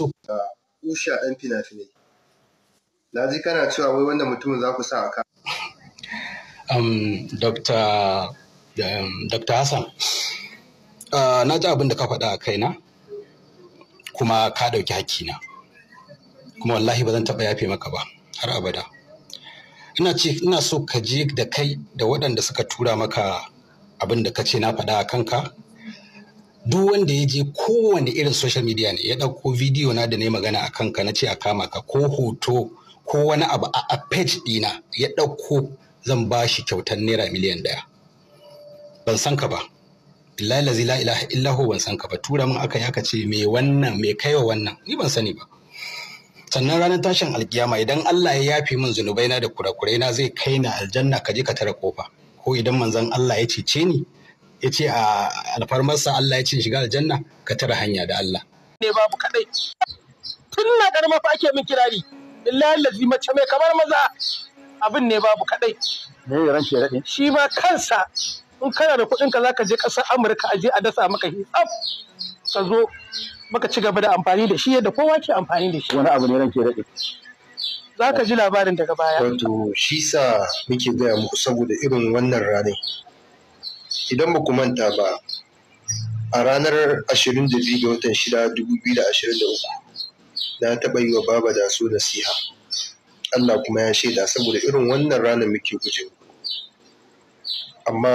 Yusuf Usha ɗan fina-finai. Na ji kana cewa wai wanda mutumin za ku sa a ka. Um, Dr. Um, Hassan, na ji abin da ka faɗa a kaina kuma ka ɗauki hakina. Kuma wallahi ba zan taɓa yafe maka ba har abada. Ina ce ina so ka je da kai da waɗanda suka tura maka abin da ka ce na faɗa a kanka duk wanda ya je kowane irin social media ne ya ɗauko bidiyo na da ne magana a ka na ce a kama ka ko hoto ko wani abu a page ɗina ya ɗauko zan ba shi kyautar naira miliyan ɗaya ban san ka ba billahi la ilaha illahu ban san ka ba tura min aka yaka ce me wannan me kaiwa wannan ni ban sani ba sannan ranar tashin alkiyama idan Allah ya yafe min zunubai na da kurakurai na zai kai na aljanna ka je ka tare kofa ko idan manzon Allah ya cece ni ya ce a alfarmarsa Allah ya ce shiga da janna ka tara hanya da Allah. Ne babu kadai. Tun na karama fa ake min kirari. Billahi lazi mace mai kamar maza abin ne babu kadai. Me ya ranke Shi ma kansa in kana da kuɗin ka zaka je ƙasar Amurka a je a dasa maka hisab ka zo maka ci gaba da amfani da shi yadda kowa ke amfani da shi. Wani abu ne ranke daɗe. Za ka ji labarin daga baya. Wato shi sa muke gaya muku saboda irin wannan ranar. idan ba ku manta ba a ranar 22 ga watan 6 2023 na taɓa yi wa baba da so nasiha Allah kuma ya shaida saboda irin wannan ranar muke guje amma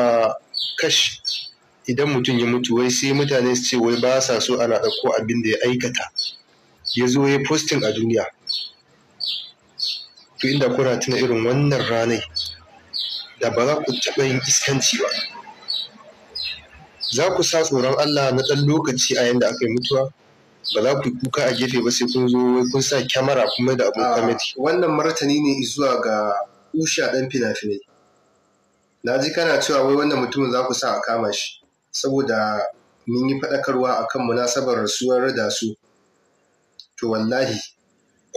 kash idan mutum ya mutu wai sai mutane su ce wai ba sa so ana ɗauko abin da ya aikata ya zo ya posting a duniya to inda kuna tuna irin wannan ranar da ba za ku taɓa yin iskanci ba za ku sa tsoron Allah na ɗan lokaci a yanda aka yi mutuwa ba za ku kuka a gefe ba sai kun zo kun sa kyamara kuma da abin ah, kwamiti. Wannan martani ne zuwa ga usha ɗan fina-finai. Na ji kana cewa wai wannan mutumin za ku sa a kama shi saboda mun yi faɗakarwa a kan munasabar rasuwar da su. To wallahi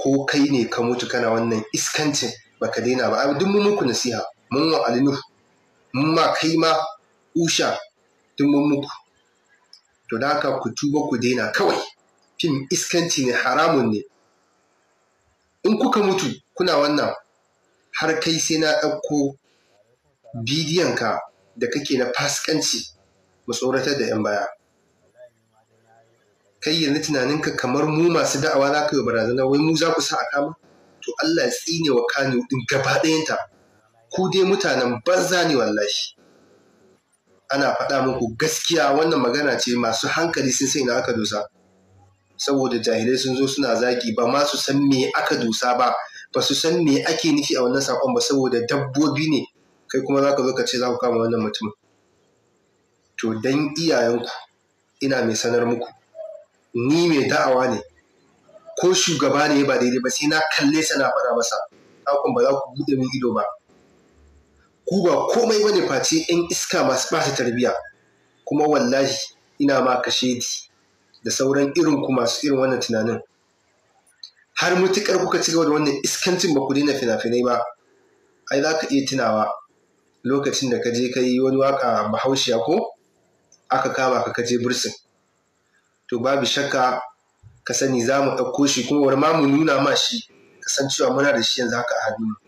ko kai ne ka mutu kana wannan iskancin baka daina ba. Duk mun muku nasiha mun wa alinu mun ma kai ma usha duk muku to da haka ku tuba ku daina kawai fim iskanci ne haramun ne in kuka mutu kuna wannan har kai sai na ɗauko bidiyonka da kake na faskanci mu tsoratar da 'yan baya kai yanzu tunaninka kamar mu masu da'awa za ka yi barazana wai mu za ku sa a kama to Allah ya tsine wa kanu din gaba ɗayanta ku dai mutanen banza ne wallahi ana faɗa muku gaskiya wannan magana ce masu hankali sun sai na aka dusa saboda jahilai sun zo suna zagi ba ma su san me aka dusa ba ba su san me ake nufi a wannan sakon ba saboda dabbobi ne kai kuma za ka zo ka ce za ku kama wannan mutumin to dan iyayenku ina mai sanar muku ni mai da'awa ne ko shugaba ne ba daidai ba sai na kalle sana faɗa masa hakun ba za ku buɗe min ido ba ku ba komai bane face yan iska masu ɓata tarbiyya kuma wallahi ina ma kashe da sauran irin ku masu irin wannan tunanin har mutukar kuka ci gaba da wannan iskancin ba ku daina fina-finai ba ai za ka iya tunawa lokacin da ka je ka yi wani waka bahaushiya ko aka kama ka kaje bursin to babu shakka ka sani za mu ɗauko shi kuma wani ma mu nuna ma shi kasancewa muna da shi yanzu haka a hannu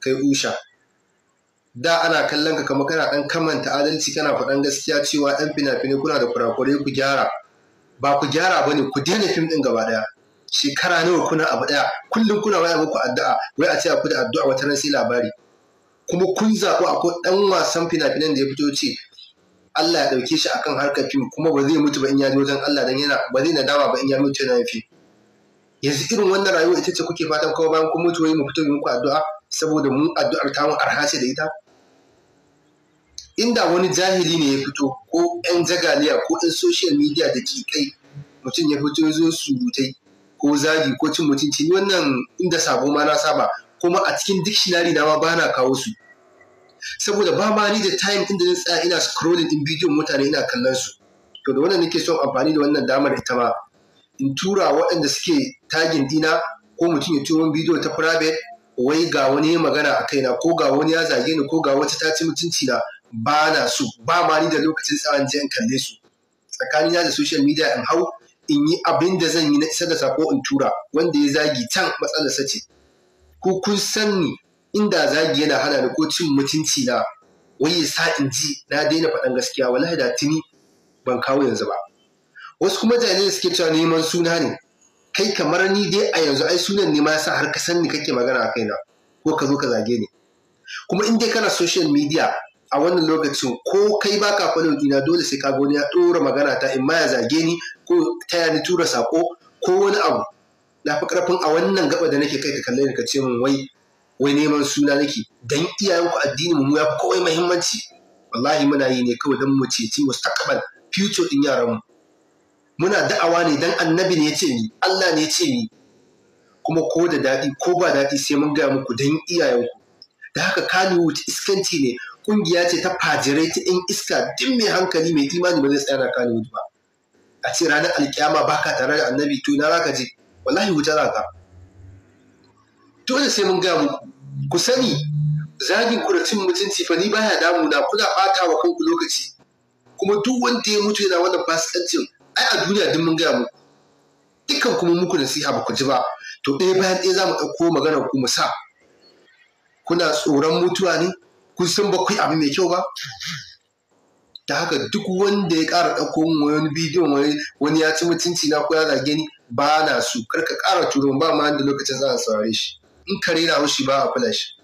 kai usha da ana kallon ka kamar kana dan kamanta adalci kana faɗan gaskiya cewa ɗan fina-finai kuna da kurakurai ku gyara ba ku gyara bane ku daina fim ɗin gaba ɗaya shekara nawa kuna abu ɗaya kullum kuna waya muku addu'a wai a ce ku da addu'a wata ran sai labari kuma kun zaɓi akwai ɗan wasan fina-finan da ya fito ce Allah ya ɗauke shi akan harkar fim kuma ba zai mutu ba in ya zo don Allah dan yana ba zai nadama ba in ya mutu yana fim yanzu irin wannan rayuwa ita ce kuke fatan kawai bayan kun mutu wai mu fito muku addu'a saboda mu addu'ar tamu arha ce da ita inda wani jahili ne ya fito ko 'yan jagaliya ko 'yan social media da ke, kai mutum ya fito ya zo surutai ko zagi ko cin mutunci ni wannan inda sabo ma na saba kuma a cikin dictionary na ma ba na kawo su saboda ba ma ni da time inda zan tsaya ina scrolling din bidiyon mutane ina kallon su to da wannan nake son amfani da wannan damar ita ma in tura waɗanda suke tagin dina ko mutum ya tuwon bidiyo ta private wai ga wani magana a kaina ko ga wani ya zage ni ko ga wata ta ci mutunci na ba na so ba ma ni da lokacin tsawon jiyan kalle su tsakanin da social media in hau in yi abin da zan yi na isa da sako in tura wanda ya zagi can sa ce ko kun san ni inda zagi yana hana ni ko cin mutunci na wai ya sa in ji na daina faɗan gaskiya wallahi da tuni ban kawo yanzu ba wasu kuma da suke cewa neman suna ne kai kamar ni dai a yanzu ai sunan ne ma sa har ka san ni kake magana a kaina ko ka zo ka zage ni kuma in dai kana social media a wannan lokacin ko kai baka falon ina dole sai ka gani ya dora magana ta in ma ya zage ni ko ya ni tura sako ko wani abu na fi karfin a wannan gaba da nake kai ka kalle ni ka ce min wai wai neman suna nake dan iyayenku addini mu ya fi kawai muhimmanci wallahi muna yi ne kawai dan mu ceci mustaqbal future din yaran mu muna da'awa ne dan annabi ne ya ce ni Allah ne ya ce ni kuma ko da daɗi ko ba daɗi sai mun gaya muku dan iyayenku da haka Kannywood iskanci ne Ƙungiya ce ta fajirai ta in iska duk mai hankali mai imani ba zai tsaya na Kannywood ba a ce ranar alkiyama ka tare da annabi to na ka je wallahi wuta ka? dole sai mun gaya muku ku sani zagin ku da cin mutunci fa ni baya na kuna ɓata wa kanku lokaci kuma duk wanda ya mutu yana wannan fasikancin ai a duniya duk mun gaya muku dukkan kuma muku nasiha ba ku ji ba to ɗaya bayan ɗaya za mu ɗauko maganar ku mu sa kuna tsoron mutuwa ne kun san ba ku abu mai kyau ba ta haka duk wanda ya ƙara ɗauko wani bidiyo wani ya ci mutunci na ko ya zage ni ba na su karka ƙara turo ba ma da lokacin za a saurare shi in ka rera haushi ba a kula shi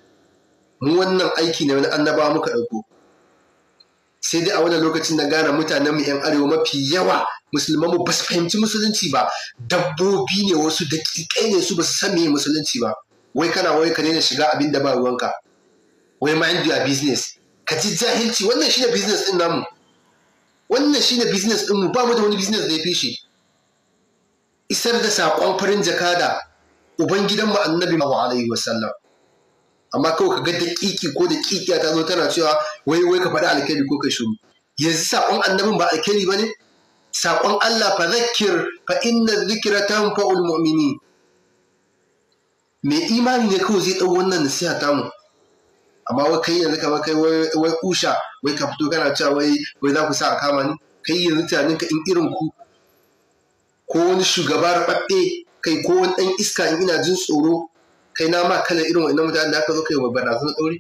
mu wannan aiki ne wani annaba muka ɗauko sai dai a wannan lokacin da gane mutanenmu 'yan arewa mafi yawa musulman mu ba su fahimci musulunci ba dabbobi ne wasu da daƙiƙai ne su ba su san meye musulunci ba wai kana wai ka daina shiga abin da ba ruwanka wai mind your business ka ji jahilci wannan shine business din namu wannan shine business din mu ba mu da wani business da ya fi isar da saƙon farin jakada ubangidanmu annabi sallallahu alaihi wasallam amma kawai ka ga daƙiƙi ko daƙiƙiya ta zo tana cewa wai wai ka faɗi alkhairi ko ka shiru yanzu saƙon annabin ba alkhairi ba ne saƙon Allah fa zakir fa inna zikira tanfa'ul mu'minin mai imani ne kawai zai ɗau wannan nasiha tamu amma wai kai yanzu kamar kai wai kusha wai ka fito kana cewa wai za ku sa a kama ni kai yanzu tunanin ka in irin ku ko wani shugaba raɓaɓɓe kai ko wani ɗan iska in ina jin tsoro kai na ma kana irin wannan mutanen da aka zo kai wa barazana daure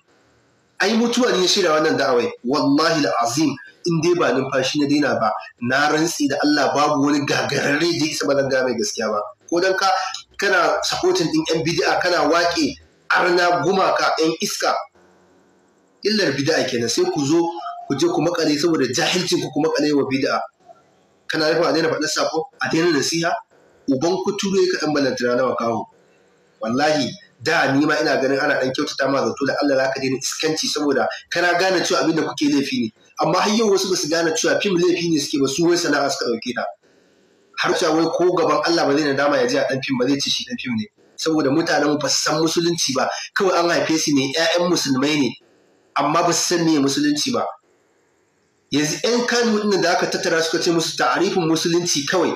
ai mutuwa ne shirya wannan da'awai wallahi azim in dai ba numfashi na daina ba na rantsi da Allah babu wani gagararre da isa bazan ga mai gaskiya ba ko dan ka kana supporting din yan bid'a kana waƙe arna gumaka yan iska illar bid'a kenan sai ku zo ku je ku makale saboda jahilcin ku kuma kale wa bid'a kana nufin a daina faɗin sako a daina nasiha uban ku ture ka ɗan balantana nawa kawo wallahi da ni ma ina ganin ana dan kyautata ma zato da Allah zaka daina iskanci saboda kana gane cewa abin da kuke laifi ne amma har yau wasu basu gane cewa fim laifi ne suke ba su wai sana'a suka dauke ta har cewa wai ko gaban Allah ba zai na dama ya ji a dan fim ba zai ci shi dan fim ne saboda mutanen ba su san musulunci ba kawai an haife su ne ƴaƴan musulmai ne amma ba su san me musulunci ba yanzu 'yan Kano din da aka tattara suka ce musu ta'arifin musulunci kawai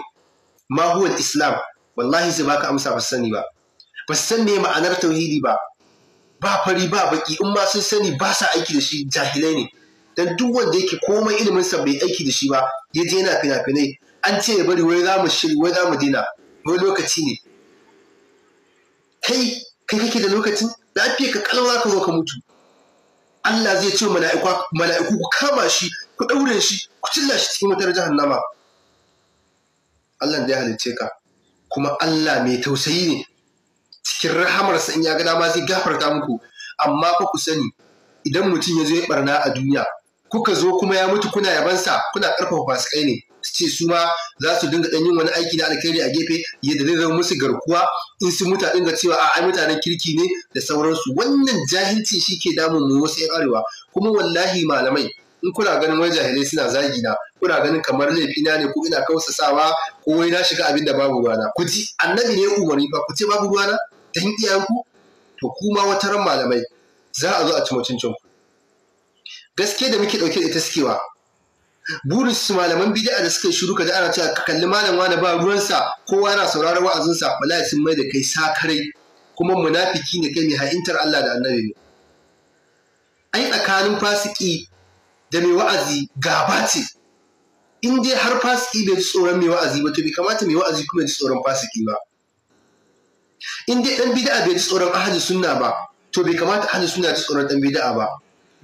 ma islam wallahi sai baka amsa ba su sani ba ba su san me ma'anar tauhidi ba ba fari ba baki in ma sun sani ba sa aiki da shi jahilai ne dan duk wanda yake komai ilimin sa bai aiki da shi ba ya je yana fina-finai an ce ya bari wai za mu shiri wai za mu dina wai lokaci ne kai kai kake da lokacin lafiya ka kalwa ka zo ka mutu Allah zai ce mala'iku mala'iku ku kama shi ku daure shi ku cilla shi cikin wutar jahannama Allah da ya halicce ka kuma Allah mai tausayi ne cikin rahamarsa in ya ga dama zai gafarta muku amma fa ku sani idan mutum ya zo ya barna a duniya kuka zo kuma ya mutu kuna yabansa kuna karfafa fasikai ne su ce su ma za su dinga ɗan yin wani aiki na alkhairi a gefe yadda zai zama musu garkuwa in su muta dinga cewa a ai mutanen kirki ne da sauransu wannan jahilci shi ke damun mu wasu 'yan arewa kuma wallahi malamai in kuna ganin wani jahilai suna zagi na kuna ganin kamar laifi na ne ko ina kausa sawa? ko wai na shiga abin da babu ruwana ku ji annabi ne umarni ba ku ce babu na? Dan iyayenku to kuma wata ran malamai za a zo a ci mutuncin ku gaske da muke dauke da ita sukewa burin su malaman bid'a da suka shiru da ana cewa ka kalli malam wani ba ruwan sa kowa yana sauraron sa wallahi sun mai da kai sakarai kuma munafiki ne kai mai ha'intar Allah da annabi ne ai tsakanin fasiki da mai wa'azi gaba ce in dai har fasiki bai tsoron mai wa'azi ba to bai kamata mai wa'azi kuma ya tsoron fasiki ba in dai dan bid'a bai tsoron ahli sunna ba to bai kamata ahli sunna ta tsoron dan bid'a ba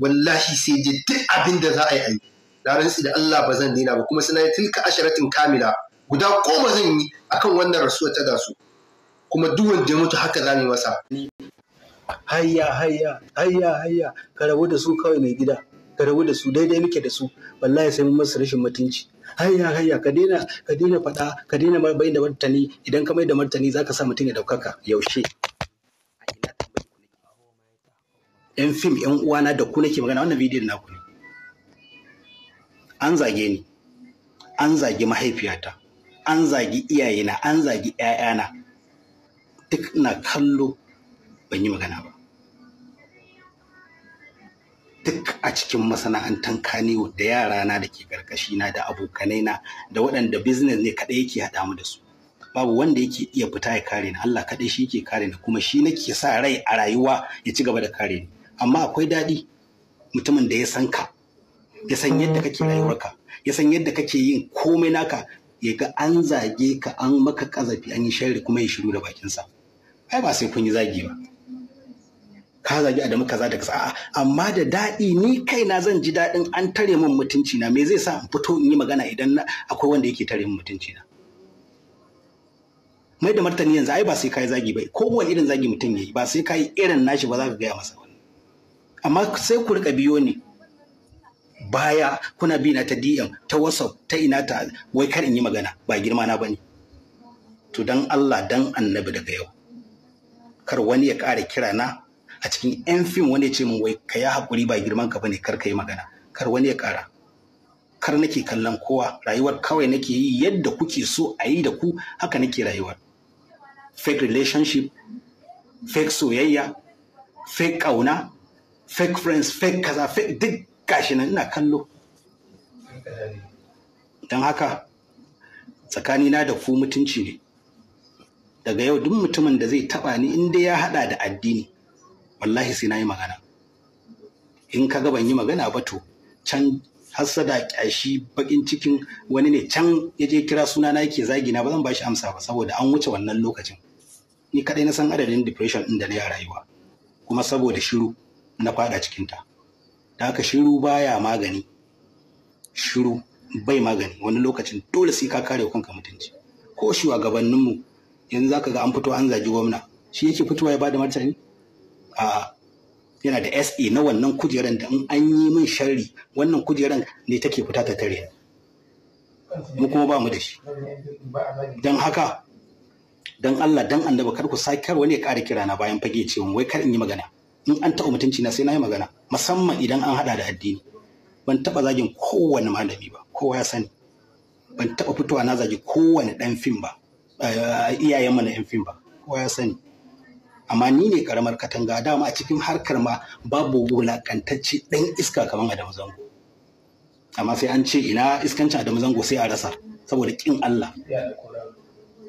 wallahi sai dai duk abin da za a yi a yi na da Allah ba zan daina ba kuma suna tilka asharatin kamila guda goma zan yi akan wannan rasuwar ta gasu kuma duk wanda ya mutu haka za mu yi masa hayya hayya hayya hayya ka rabu da su kawai mai gida ka rabu da su daidai muke da su wallahi sai mun masu rashin mutunci hayya hayya ka daina ka daina faɗa ka daina mai da martani idan ka mai da martani zaka sa mutum ya daukaka yaushe yan fim yan uwana da ku nake magana wannan bidiyon naku ne an zage ni an zagi mahaifiyata an zagi iyayena an zagi 'ya'yana duk na kallo ban yi magana ba duk a cikin masana'antar kaniwo da yara na da ke karkashi na da abokanai na da waɗanda business ne kaɗai yake haɗa mu da su babu wanda yake iya fita ya kare ni Allah kaɗai shi ke kare ni kuma shi nake sa rai a rayuwa ya ci gaba da kare ni amma akwai daɗi mutumin da ya san ka ya san yadda kake rayuwarka ya san yadda kake yin komai naka ya ga an zage ka an maka kazafi an yi sharri kuma ya shiru da bakinsa ai ba sai kun yi zagi ba ka zagi Adamu kaza da kaza sa'a, amma da daɗi ni kaina zan ji daɗin an tare min mutunci na me zai sa in fito in yi magana idan akwai wanda yake tare min mutunci na mai da martani yanzu ai ba sai kai zagi bai ko wani irin zagi mutum yayi ba sai kai irin nashi ba za ka gaya masa wani, amma sai ku rika biyo ni baya kuna bi na ta DM ta WhatsApp ta ina ta wai kar in yi magana ba girma na bane to dan Allah dan annabi daga yau kar wani ya ƙara kira na a cikin yan fim wani ya ce min wai ka ya haƙuri ba girman ka bane kar ka yi magana kar wani ya ƙara kar nake kallon kowa rayuwar kawai nake yi yadda kuke so a yi da ku haka nake rayuwar fake relationship fake soyayya fake ƙauna fake friends fake kaza fake duk gashi nan ina kallo don haka tsakanina da ku mutunci ne daga yau duk mutumin da zai taba ni in dai ya hada da addini wallahi sai na yi magana in ka ga ban yi magana ba to can hassada kyashi bakin cikin wani ne can ya je kira suna na yake zagi na ba zan bashi amsa ba saboda an wuce wannan lokacin ni kadai na san adadin depression din da na yi rayuwa kuma saboda shiru na fada cikin ta da haka shiru baya magani shiru bai magani wani lokacin dole sai ka kare kanka mutunci ko shugabanninmu yanzu zaka ga an fito an zagi gwamna shi yake fitowa ya bada martani yana da sa e na wannan kujeran da in an yi min sharri wannan kujeran ne take fita ta tare mu kuma ba mu da shi don haka don Allah don annabi kar ku sake kar wani ya ƙara kira na bayan fage cewa wai kar in yi magana in an taɓa mutunci na sai na yi magana musamman idan an haɗa da addini ban taɓa zagin kowane malami ba kowa ya sani ban taɓa fitowa na zagi kowane ɗan fim ba eh, iyayen na 'yan fim ba kowa ya sani amma ni ne karamar katanga dama a cikin harkar ma babu wulakantacce ɗan iska kamar Adamu Zango amma sai an ce ina iskancin Adamu Zango sai a rasa saboda kin Allah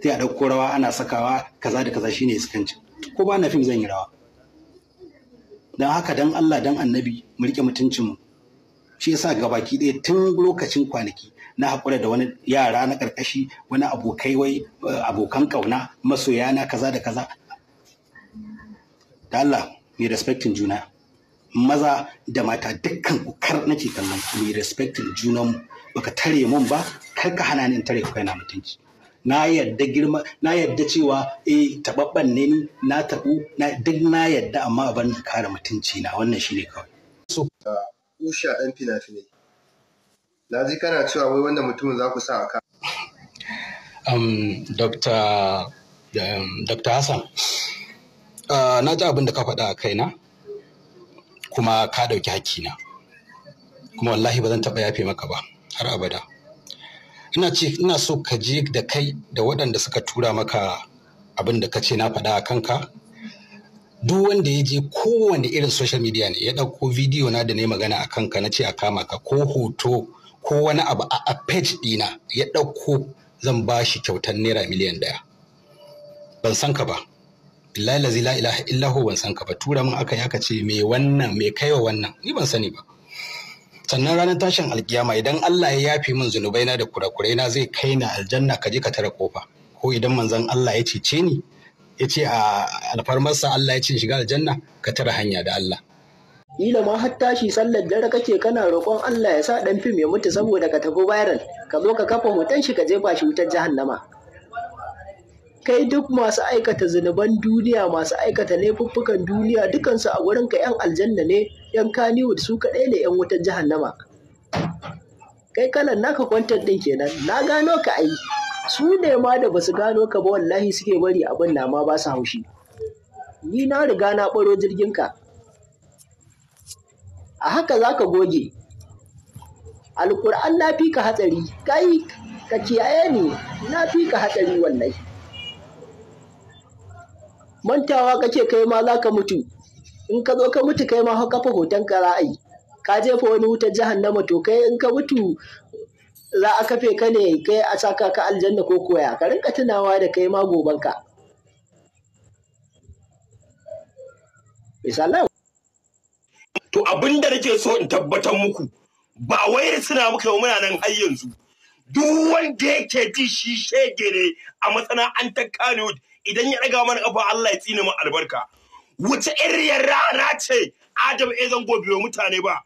sai a ɗauko rawa ana sakawa kaza da kaza shine iskancin ko ba na fim zan yi rawa don haka dan Allah dan annabi mu rike mu shi yasa baki ɗaya tun lokacin kwanaki na haƙura da wani yara na ƙarƙashi wani abokai wai eh, abokan ƙauna masoyana kaza da kaza da Allah mai respectin juna maza da mata dukkan ku kar nake kallon ku mai respectin junan baka tare mun ba kar ka hana ni tare ku na mutunci na yadda girma na yadda cewa eh tababban ne ni na tabu na duk na yadda amma ban kare mutunci na wannan shine kawai so usha uh, dan fina-finai na ji kana cewa wai wannan mutumin za ku sa a um dr um, dr hassan Ah, na ji abin da ka faɗa a kaina kuma ka ɗauki hakkina kuma wallahi ba zan taɓa yafe maka ba har abada ina ce ina so ka je da kai da waɗanda suka tura maka abin da ka ce na faɗa a kanka duk wanda ya je kowane irin social media ne ya ɗauko bidiyo na da na yi magana a kanka na ce a kama ka ko hoto ko wani abu a page ɗina ya ɗauko zan ba shi kyautar naira miliyan ɗaya ban san ka ba billahi lazi la ilaha illahu ban san ka ba tura min aka aka ce me wannan me kaiwa wannan ni ban sani ba sannan ranar tashin alkiyama idan Allah ya yafe min zunubaina da na zai kai na aljanna ka je ka tara kofa ko idan manzon Allah ya cece ni ya ce a alfarmarsa Allah ya ce shiga aljanna ka tara hanya da Allah kila ma har tashi sallar dare kake kana roƙon Allah ya sa ɗan fim ya mutu saboda ka tafi viral ka zo ka kafa hoton shi ka jefa shi wutar jahannama kai duk masu aikata zunuban duniya masu aikata laifuffukan duniya dukansu a wurinka 'yan aljanna ne 'yan kaniwood su kaɗai ne 'yan wutar jahannama kai kalan naka kwantar ɗin kenan na gano ka ai su ne ma da basu gano ka ba wallahi suke bari abin na ma ba su haushi ni na riga na ɓaro ka. a haka za ka goge alƙur'an na fi ka hatsari kai ka kiyaye ni na fi ka hatsari wallahi mantawa kake kai ma za ka mutu in ka zo ka mutu kai ma kafa hoton ka yi ka jefa wani wutar jahannama to kai in ka mutu za a kafe ka ne kai a saka ka aljanna ko koya ka rinka tunawa da kai ma gobanka misalan to abin da nake so in tabbatar muku ba wai suna muka yau muna nan har yanzu duk wanda yake ji shi shege ne a matsana masana'antar Kannywood idan ya ɗaga mana ƙafa Allah ya tsine mu albarka Wuce iriyar rana ce Adam ya zango biyo mutane ba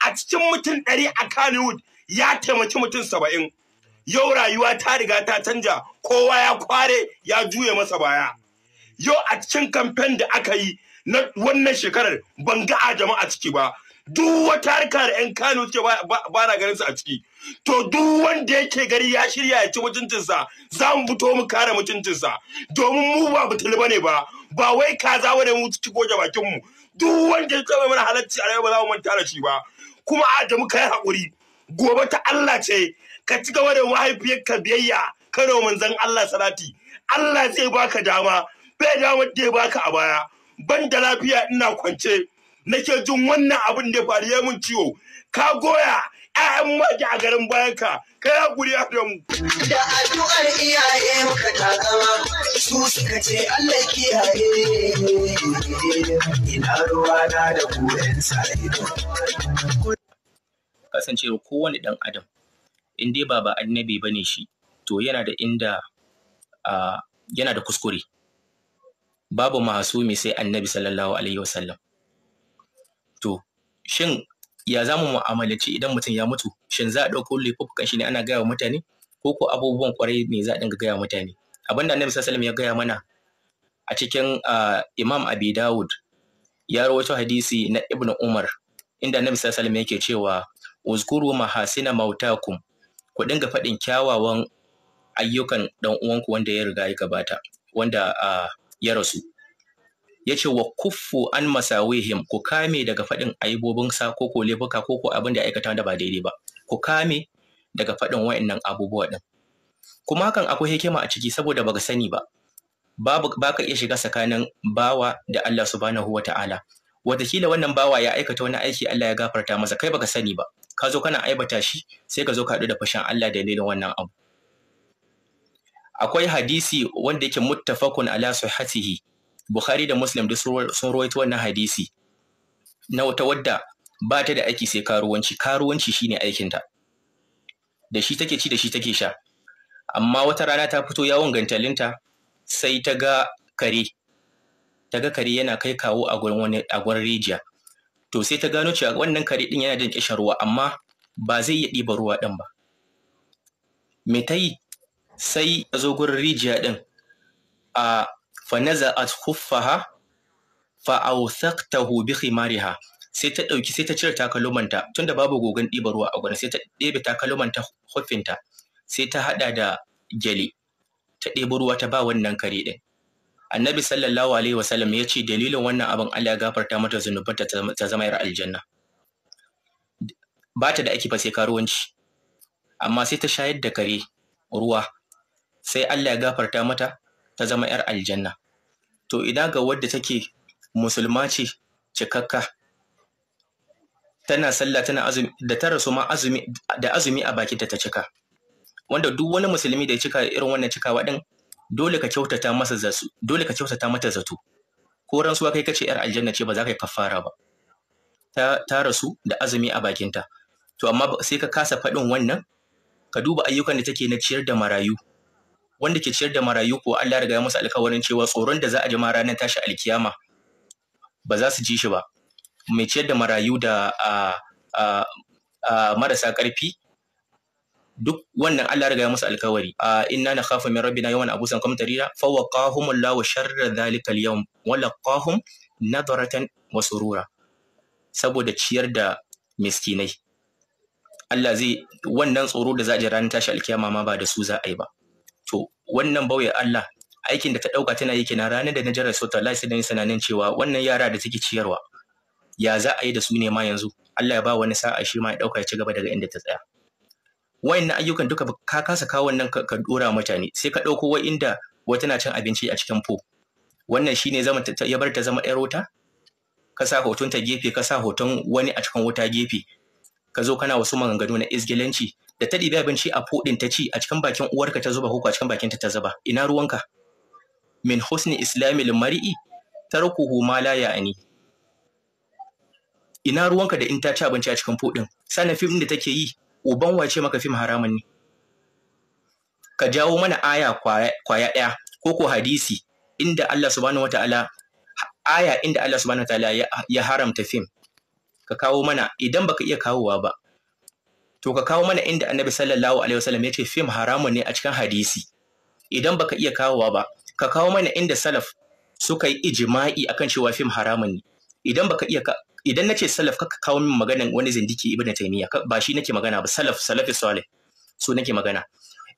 a cikin mutum ɗari a Kannywood ya taimaki mutum saba'in yau rayuwa ta riga ta canja kowa ya kware ya juye masa baya yau a cikin kamfen da aka yi na wannan shekarar ban ga a jama'a ciki ba duk wata harka da yan Kano suke ba na ganin su a ciki to duk wanda yake gari ya shirya ya ci mutuncinsa za mu fito mu kare mutuncinsa domin mu ba ba bane ba ba wai kaza wani mu ci goge bakin mu duk wanda ya mai mana halarci a ba za mu manta da shi ba kuma a da muka yi haƙuri gobe ta Allah ce ka ci gaba da mahaifiyarka biyayya kano manzon Allah salati Allah zai baka dama bai damar da ya baka a baya ban da lafiya ina kwance nake jin wannan abin da faru ya mun ciwo ka goya ƴaƴan mage a garin bayanka ka ya guri a da mu da addu'ar iyaye muka takama su suka ce Allah kiyaye ina ruwa na da kuren sa ido kasancewa kowane ɗan adam in dai ba ba annabi bane shi to yana da inda yana da kuskure babu masu sai annabi sallallahu alaihi wasallam to shin ya za mu mu'amalaci idan mutum ya mutu shin za a ɗauko laifuffukan shi ne ana gaya wa mutane ko ko abubuwan kwarai ne za a dinga gaya wa mutane abinda annabi sallallahu ya gaya mana a cikin ah, imam abi dawud ya rawaito hadisi na ibnu umar inda annabi sallallahu alaihi yake cewa uzkuru mahasina mautakum ku dinga faɗin kyawawan ayyukan ɗan uwanku wanda ya riga ya gabata wanda ah, ya rasu ya ce wa kuffu an masawihim ku kame daga faɗin sa ko ko laifuka ko ko abin da aikata da ba daidai ba ku kame daga faɗin wa'annan abubuwa ɗin kuma hakan akwai hikima a ciki saboda baka sani ba babu baka iya shiga tsakanin bawa da Allah subhanahu wata'ala Wataƙila wannan bawa ya aikata wani aiki Allah ya gafarta masa kai baka sani ba ka zo kana aibata shi sai ka zo ka haɗu da fashin Allah dalilin wannan abu akwai hadisi wanda yake muttafaqun ala sihhatihi Bukhari da Muslim duk sun rawaito wannan hadisi na wata wadda ba ta da aiki sai karuwanci karuwanci shine aikinta da shi take ci da shi take sha amma wata rana ta fito yawon gantalinta sai ta ga kare ta ga kare yana kai kawo a gurin rijiya to sai ta gano cewa wannan kare din yana jin kishin ruwa amma ba zai iya ɗiba ruwa din ba me ta yi sai ta zo gurin rijiya din a fa naza'at khuffaha fa awthaqtahu bi khimariha sai ta ɗauki sai ta cire takalumanta tunda babu gogon ɗiba ruwa a gona sai ta ɗebe takalumanta huffinta sai ta haɗa da gyale ta ɗebo ruwa ta ba wannan kare din annabi sallallahu alaihi wasallam ya ce dalilin wannan abin Allah ya gafarta mata zunubanta ta zama yar aljanna ba ta da aiki fa sai karuwanci amma sai ta shayar da kare ruwa sai Allah ya gafarta mata ta zama ‘yar aljanna to idan ga wadda take musulma ce cikakka tana sallah tana azumi da ta rasu ma azumi da azumi a baki ta cika wanda duk wani musulmi da ya cika irin wannan cikawa din dole ka kyautata masa zato dole ka kyautata mata zato ko ransuwa kai kace yar aljanna ce ba za ka yi kafara ba ta ta rasu da azumi a bakinta to amma sai ka kasa faɗin wannan ka duba ayyukan da take na ciyar da marayu wanda ke ciyar da marayu ko Allah riga ya musu alkawarin cewa tsoron da za a ji ma ranar tashi alkiyama ba za su ji shi ba mai ciyar da marayu da marasa ƙarfi duk wannan Allah riga ya musu alkawari a inna na khafu min rabbina yawan abusan kamtarira fa waqahum Allah wa sharra dhalika al-yawm wa laqahum nadratan wa surura saboda ciyar da miskinai Allah zai wannan tsoro da za a ji ranar tashi alkiyama ma ba da su za a yi ba wannan bauya Allah aikin da ta ɗauka tana yi kenan ranar da na jira so ta lafi dan sananin cewa wannan yara da take ciyarwa ya za a yi da su ne ma yanzu Allah ya ba wani sa'a shi ma ya ɗauka ya ci gaba daga inda ta tsaya wayannan ayyukan duka ka kasa kawo wannan ka dora mutane sai ka ɗauko inda wata na cin abinci a cikin fo wannan shine zama ya bar ta zama ɗan wuta ka sa hoton ta gefe ka sa hoton wani a cikin wuta gefe ka zo kana wasu maganganu na isgilanci? da ta ɗibi abinci a fuɗin ta ci a cikin bakin uwarka ta zuba ko a cikin bakinta ta zuba ina ruwanka min husni islamil mari'i, tarkuhu ma la ya'ni ina ruwanka da in ta ci abinci a cikin fuɗin sana fim da take yi uban wace maka fim haramun ne ka jawo mana aya kwaya ɗaya ko ko hadisi inda Allah subhanahu wataala aya inda Allah subhanahu wataala ya haramta fim ka kawo mana idan baka iya kawowa ba to ka kawo mana inda annabi sallallahu alaihi wasallam ya ce fim haramun ne a cikin hadisi idan baka iya kawowa ba ka kawo mana inda salaf suka yi ijma'i akan cewa fim haramun ne idan baka iya idan nace salaf ka kawo min maganan wani zindiki ibnu taymiya ba shi nake magana ba salaf salafi salih su nake magana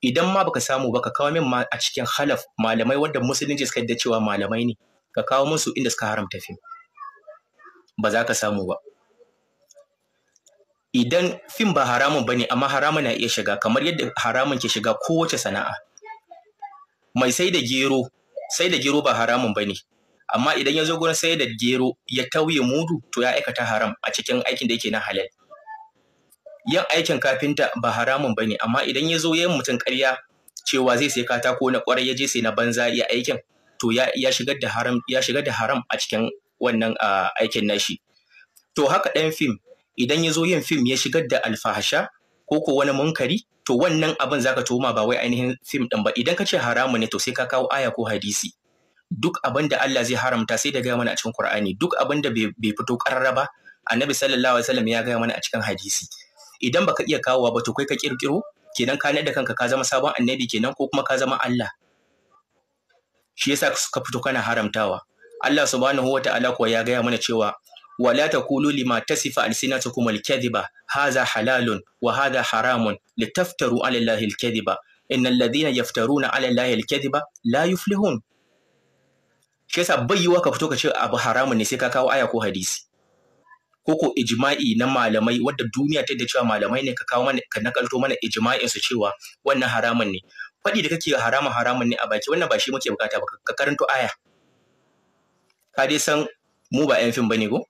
idan ma baka samu ba ka kawo min a cikin halaf malamai wanda musulunci suka yadda cewa malamai ne ka kawo musu inda suka haramta fim ba za ka samu ba idan fim ba haramun ba ne amma haramun na iya shiga kamar yadda haramun ke shiga kowace sana'a mai sai da gero sai da gero ba haramun ba ne amma idan ya zo gurin sai da gero ya tauye mudu to ya aikata haram a cikin aikin da yake na halal yin aikin kafinta ba haramun ba ne amma idan ya zo yin mutum karya cewa zai sai katako na kwarai ya je sai na banza ya aikin to ya shigar da haram a cikin wannan ah, aikin nashi to haka ɗan fim idan ya zo yin fim ya shigar da alfahasha ko ko wani munkari to wannan abin zaka tuhuma ba wai ainihin fim din ba idan ka ce haramu ne to sai ka kawo aya ko hadisi duk abin da Allah zai haramta sai da gaya mana a cikin Qur'ani duk abin da bai fito karara ba annabi sallallahu alaihi wasallam ya gaya mana a cikin hadisi idan baka iya kawowa ba to kai ka kirkiro kenan ka da kanka ka zama sabon annabi kenan ko kuma ka zama Allah shi yasa ka fito kana haramtawa Allah subhanahu wa ta'ala kuwa ya gaya mana cewa ولا تقولوا لما تصف ألسنتكم الكذبة هذا حلال وهذا حرام لتفتروا على الله الكذبة إن الذين يفترون على الله الكذبة لا يفلحون shi yasa bai yiwa ka fito ka ce abu haramun ne sai ka kawo aya ko hadisi ko ko ijma'i na malamai wadda duniya ta da cewa malamai ne ka kawo mana ka nakalto mana ijma'in su cewa wannan haramun ne faɗi da kake haramun haramun ne a baki wannan ba shi muke bukata ba ka karanto aya ka dai san mu ba yan fim ba ne, ko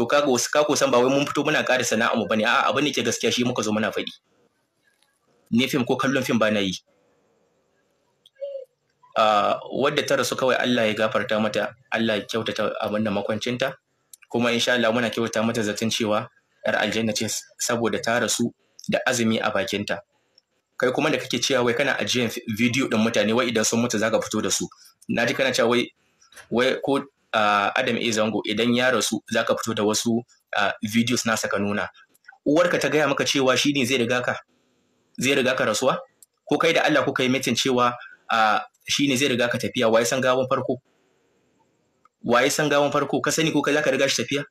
to ka ko san ba wai mun fito muna ƙara sana'a mu bane a'a abin da ke gaskiya shi muka zo muna faɗi ne fim ko kallon fim ba na yi wadda ta rasu kawai Allah ya gafarta mata Allah ya kyautata abin da makwancinta kuma insha Allah muna kyautata mata zaton cewa yar aljanna ce saboda ta rasu da azumi a bakinta kai kuma da kake cewa wai kana ajiyan bidiyo din mutane wai idan sun mutu zaka fito da su na ji kana cewa wai wai ko uh, Adam A Zango idan ya rasu za ka fito da wasu uh, videos nasa ka nuna uwarka ta gaya maka cewa shi ne zai riga ka zai riga ka rasuwa ko kai da Allah kuka yi mitin cewa shi ne zai riga ka tafiya waye san gawon farko waye san gawon farko ka sani ko kai ka riga shi tafiya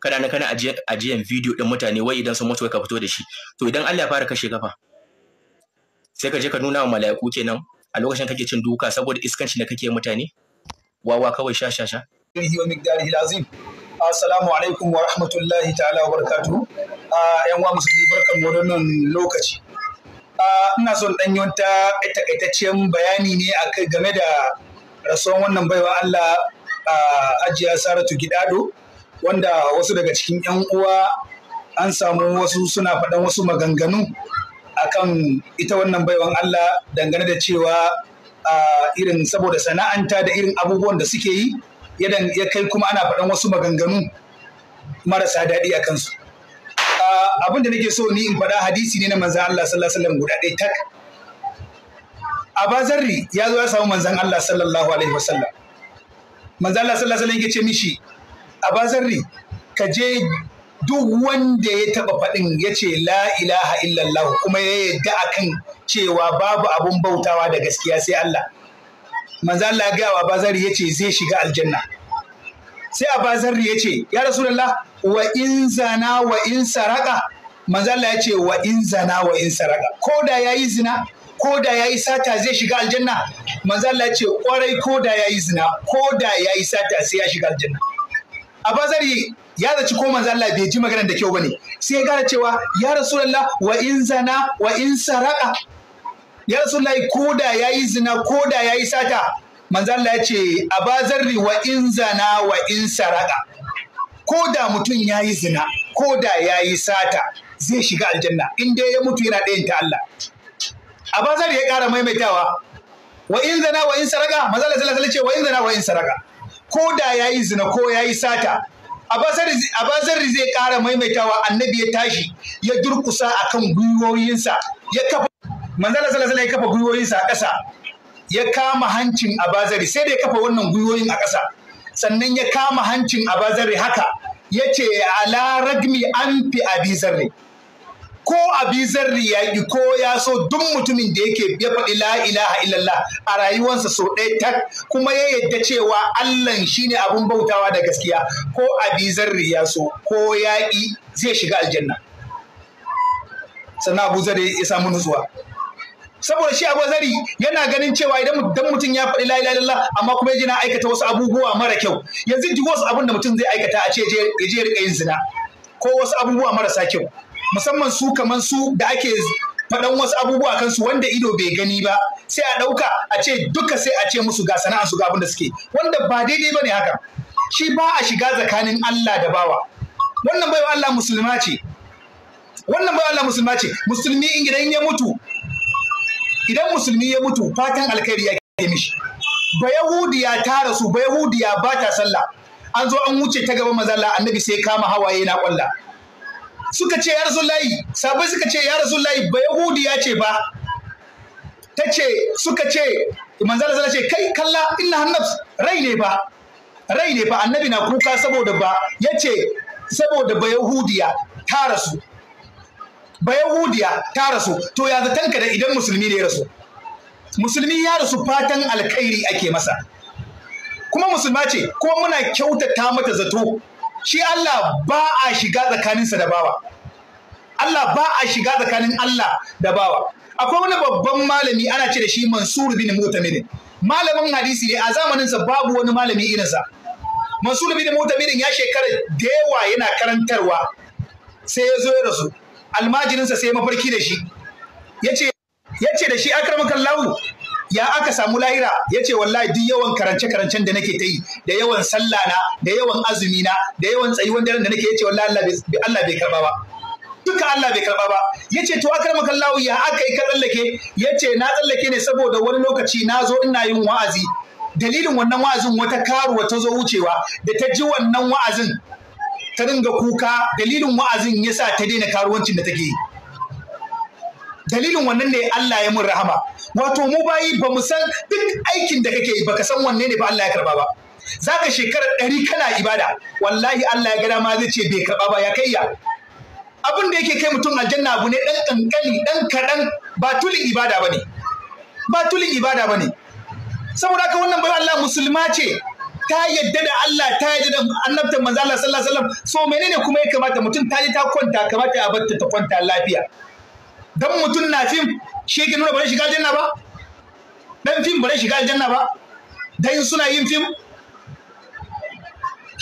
kana na kana ajiyan video din mutane wai idan sun mutu ka fito da shi to idan Allah ya fara kashe kafa sai ka je ka nuna wa mala'iku kenan a lokacin kake cin duka saboda iskanci da kake mutane wawa kawai sha sha sha wa ومقداره العظيم Assalamu alaikum wa rahmatullahi ta'ala wa barakatu. Ah, ‘Yan wa musulmi barkan wannan lokaci. Ah, ina son ɗan wata takaitaccen bayani ne a kai game da rasuwan wannan baiwa Allah a ah, ajiya Saratu Gidado, wanda wasu daga cikin ‘yan uwa an samu wasu suna faɗan wasu maganganu akan ita wannan baiwan Allah dangane da cewa irin saboda sana'anta da irin abubuwan da suke yi. ya kai kuma ana faɗan wasu maganganu marasa daɗi a kansu ah, abin da nake so ni in faɗa hadisi ne na manzan Allah sallallahu alaihi guda ɗaya tak bazarri ya zo ya samu manzan Allah sallallahu alaihi wasallam manzan Allah sallallahu alaihi wasallam ya ce mishi bazarri ka je duk wanda ya taɓa faɗin ya ce la ilaha illallah kuma ya yadda akan cewa babu abun bautawa da gaskiya sai Allah manzo Allah ya gaya wa bazari ce zai shiga aljanna sai a Bazari ya rasulullah wa in zana wa in saraka manzo Allah ce, wa in zana wa in saraka ko da ya yi zina ko da ya yi sata zai shiga aljanna manzo Allah ce, kwarai ko da ya yi zina ko da ya yi sata sai ya shiga aljanna Bazari ya zaci ko manzo Allah bai ji maganar da kyau bane sai ya gara cewa ya rasulullah wa in zana wa in saraka ya rasulullahi ko da yi zina ko da yi sata manzo Allah ya ce abazarri wa in zana wa in saraka ko da mutum yi zina ko da yi sata zai shiga aljanna in dai ya mutu yana ɗayan ta Allah abazarri ya ƙara maimaitawa wa in zana wa in saraka manzo Allah sallallahu ce wa in zana wa in saraka ko da yi zina ko ya yi sata abazarri zai ƙara maimaitawa annabi ya tashi ya durkusa akan gwiwoyinsa ya kafa manzala sallallahu ya kafa gwiwoyinsa a ƙasa ya kama hancin abazari sai da ya kafa wannan gwiwoyin a ƙasa sannan ya kama hancin abazari haka ya ce ala ragmi an fi abizarri ko abizarri ya yi ko ya so duk mutumin da yake ya faɗi la ilaha illallah a rayuwarsa so ɗaya tak kuma ya yadda cewa Allah shine abun bautawa da gaskiya ko abizarri ya so ko ya zai shiga aljanna sannan abu ya samu nutsuwa saboda shi abu zari yana ganin cewa idan dan mutum ya faɗi la ilaha amma kuma yaje na aikata wasu abubuwa mara kyau yanzu wasu abin da mutum zai aikata a ce je je rika yin zina ko wasu abubuwa marasa kyau musamman su kaman su da ake faɗan wasu abubuwa kansu wanda ido bai gani ba sai a ɗauka a ce duka sai a ce musu ga sana'a su ga abin da suke wanda ba daidai ba ne haka shi ba a shiga tsakanin Allah da bawa wannan baiwa Allah musulma ce wannan baiwa Allah musulma ce musulmi in gidan ya mutu idan musulmi ya mutu fatan alkhairi ya ke mishi ba yahudiya ta rasu ba yahudiya ba ta sallah an zo an wuce ta gaban mazalla annabi sai kama hawaye na kwalla suka ce ya rasulullahi sabai suka ce ya rasulullahi ba yahudiya ce ba ta ce suka ce manzo Allah ce kai kalla inna nafs rai ne ba rai ne ba annabi na kuka saboda ba yace saboda ba yahudiya ta rasu ba yahudiya ta rasu to ya ka da idan musulmi ne ya rasu musulmi ya rasu fatan alkhairi ake masa kuma musulma ce kuma muna kyautata mata zato shi Allah ba a shiga tsakaninsa da bawa Allah ba a shiga tsakanin Allah da bawa akwai wani babban malami ana ce da shi Mansur bin Mutamir malamin hadisi ne a zamanin sa babu wani malami irinsa Mansur bin Mutamir ya shekara da yawa yana karantarwa sai ya zo ya rasu almajirinsa sai mafarki da shi ya ce da shi akramakan lawu ya aka samu lahira ya ce wallahi duk yawan karance-karancen da nake ta yi da yawan sallah na da yawan azumi na da yawan tsayuwan daren da nake ya ce wallahi Allah bai karba ba duka Allah bai karba ba ya ce to akramakan lawu ya aka yi ka tsallake ya ce na tsallake ne saboda wani lokaci na zo ina yin wa'azi dalilin wannan wa'azin wata karuwa ta zo wucewa da ta ji wannan wa'azin ta dinga kuka dalilin wa'azin ya sa ta daina karuwancin da take yi dalilin wannan ne Allah ya mun rahama wato mu bayi ba mu san duk aikin da kake yi baka san wanne ne ba Allah ya karba ba zaka shekarar ɗari kana ibada wallahi Allah ya gada ma zai ce bai karba ba ya kaiya abin da yake kai mutum aljanna abu ne ɗan ƙanƙani ɗan kaɗan ba tulin ibada ba ne ba tulin ibada ba ne saboda haka wannan bai Allah musulma ce ta yadda da Allah ta yadda da annabta manzo Allah sallallahu alaihi wasallam so menene kuma ya kamata mutum ta yi ta kwanta kamata a barta ta kwanta lafiya dan mutum na fim shi ke nuna bare shiga aljanna ba dan fim bare shiga aljanna ba dan suna yin fim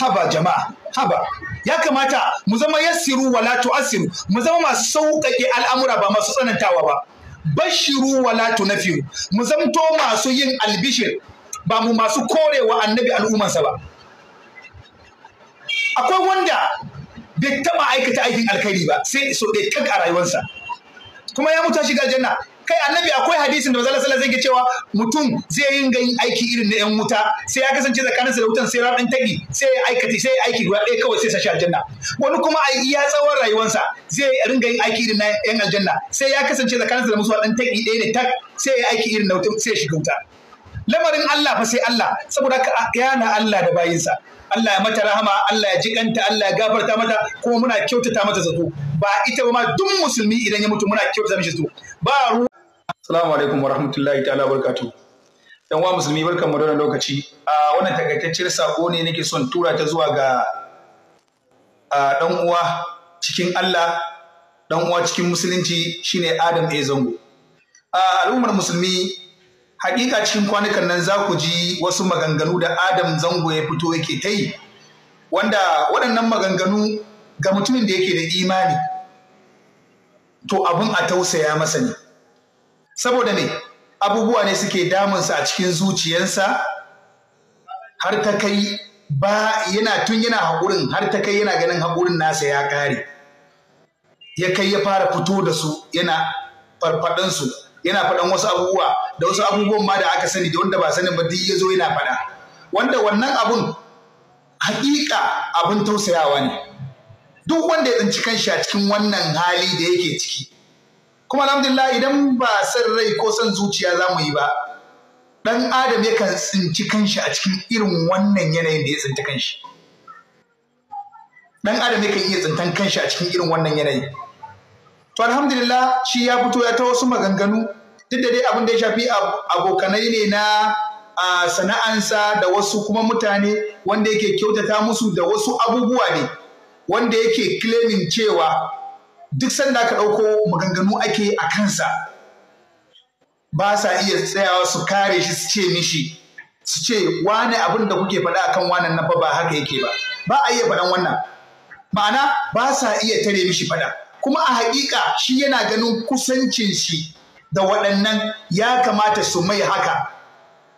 haba jama'a haba ya kamata mu zama yassiru wala tu'assiru mu zama masu sauƙaƙe al'amura ba masu tsanantawa ba bashiru wala tunafiru mu zamto masu yin albishir ba mu masu korewa annabi al'ummansa ba akwai wanda bai taɓa aikata aikin alkhairi ba sai so ɗaya tak a rayuwarsa kuma ya mutu shiga aljanna kai annabi akwai hadisin da manzon zai alaihi cewa mutum zai yin gayin aiki irin na yan wuta sai ya kasance tsakaninsa da wutan sai ya dan taki sai ya aikata sai ya aiki guda ɗaya kawai sai sa shi aljanna wani kuma a iya tsawon rayuwarsa zai ringa yin aiki irin na yan aljanna sai ya kasance tsakaninsa da musu ɗan taɓi ɗaya ne tak sai ya aiki irin na wuta sai ya shiga wuta lamarin Allah fa sai Allah saboda ka yana Allah da bayinsa Allah ya mata rahama Allah ya kanta Allah ya gafarta mata kuma muna kyautata mata zato ba ita ba ma duk musulmi idan ya mutu muna kyautata mishi zato ba ru Assalamu alaikum wa rahmatullahi ta'ala wa dan wa musulmi barkan mu da lokaci a wannan takaitaccen sako ne nake son tura ta zuwa ga dan uwa cikin Allah dan uwa cikin musulunci shine Adam A Zango al'ummar musulmi hakika cikin kwanukan nan za ku ji wasu maganganu da adam zango ya fito yake ta yi wanda waɗannan maganganu ga mutumin da yake da imani to abin a tausaya masa ne saboda ne abubuwa ne suke damunsa a cikin zuciyarsa har ta kai ba yana tun yana haƙurin har ta kai yana ganin haƙurin nasa ya ƙare ya kai ya fara fito da su yana farfaɗansu yana faɗan wasu abubuwa da wasu abubuwan ma da aka sani da wanda ba sanin ba duk ya zo yana faɗa wanda wannan abun haƙiƙa abin tausayawa ne duk wanda ya tsinci kanshi a cikin wannan hali da yake ciki kuma alhamdulillah idan ba san rai ko san zuciya za mu yi ba dan adam yakan tsinci kanshi a cikin irin wannan yanayin da ya tsinci kanshi dan adam yakan iya tsintan kanshi a cikin irin wannan yanayi to alhamdulillah shi ya fito ya ta wasu maganganu duk da dai abin da ya shafi abokanai ne na sana'ansa da wasu kuma mutane wanda yake kyautata musu da wasu abubuwa ne wanda yake claiming cewa duk sanda ka ɗauko maganganu ake a kansa ba sa iya tsayawa su kare shi su ce mishi su ce wane abin da kuke faɗa akan wannan nan ba haka yake ba ba a iya faɗan wannan ma'ana ba sa iya tare mishi faɗa kuma a haƙiƙa shi yana ganin kusancin shi da waɗannan ya kamata su mai haka